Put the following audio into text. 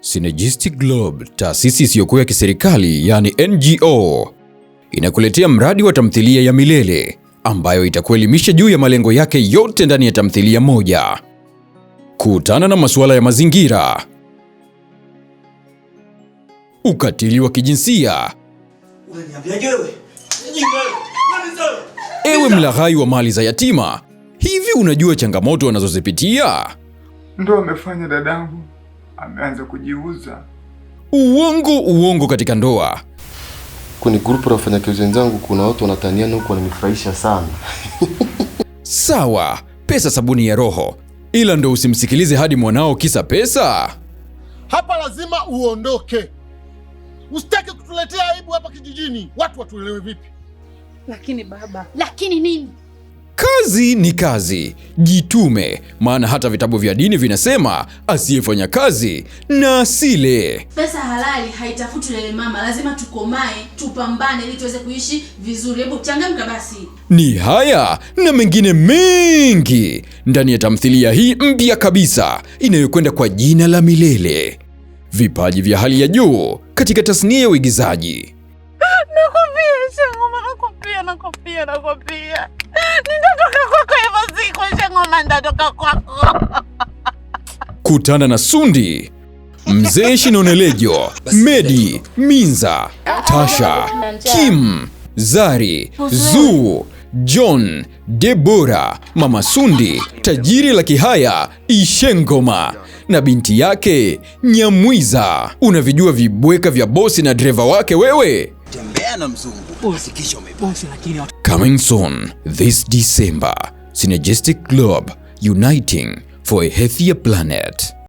Synergistic Globe, taasisi isiyokuwa ya kiserikali yani NGO, inakuletea mradi wa tamthilia ya Milele ambayo itakuelimisha juu ya malengo yake yote ndani ya tamthilia moja. Kutana na masuala ya mazingira, ukatili wa kijinsia, ewe mlaghai wa mali za yatima, hivi unajua changamoto wanazozipitia? Ndio amefanya dadangu ameanza kujiuza. Uongo uongo katika ndoa. Kwenye grupu la wafanyakazi wenzangu kuna watu wanataniana huku wananifurahisha sana. Sawa, pesa sabuni ya roho, ila ndo usimsikilize hadi mwanao kisa pesa. Hapa lazima uondoke, usitaki kutuletea aibu hapa kijijini. Watu watuelewe vipi? Lakini baba, lakini nini? Kazi ni kazi, jitume, maana hata vitabu vya dini vinasema asiyefanya kazi na asile. Pesa halali haitafuti lele mama, lazima tukomae, tupambane ili tuweze kuishi vizuri. Hebu changamka basi. Ni haya na mengine mengi ndani ya tamthilia hii mpya kabisa inayokwenda kwa jina la Milele. Vipaji vya hali ya juu katika tasnia ya uigizaji. Ah, nakwambia, nakwambia, nakwambia, nakwambia siku Kutana na Sundi, Mzee Shinonelejo, Medi, Minza, Tasha, Kim, Zari, Zuu, John, Debora, Mama Sundi, tajiri la Kihaya, Ishengoma na binti yake Nyamwiza. Unavijua vibweka vya bosi na dreva wake wewe? Tembea na mzungu. Coming soon this December. Synergistic Globe, uniting for a healthier planet.